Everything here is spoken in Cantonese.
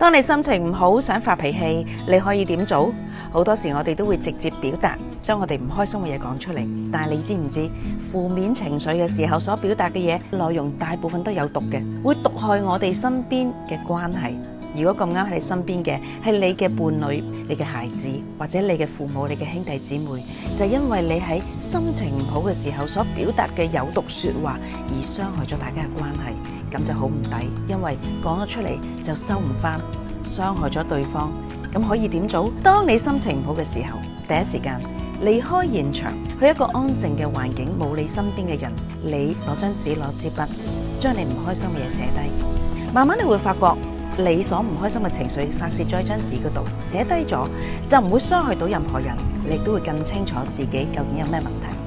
當你心情唔好，想發脾氣，你可以點做？好多時我哋都會直接表達，將我哋唔開心嘅嘢講出嚟。但係你知唔知，負面情緒嘅時候所表達嘅嘢，內容大部分都有毒嘅，會毒害我哋身邊嘅關係。如果咁啱喺你身邊嘅係你嘅伴侶、你嘅孩子或者你嘅父母、你嘅兄弟姐妹，就係因為你喺心情唔好嘅時候所表達嘅有毒說話而傷害咗大家嘅關係，咁就好唔抵，因為講咗出嚟就收唔返，傷害咗對方。咁可以點做？當你心情唔好嘅時候，第一時間離開現場，去一個安靜嘅環境，冇你身邊嘅人，你攞張紙攞支筆，將你唔開心嘅嘢寫低，慢慢你會發覺。你所唔開心嘅情緒發洩在張紙度寫低咗，就唔會傷害到任何人。你亦都會更清楚自己究竟有咩問題。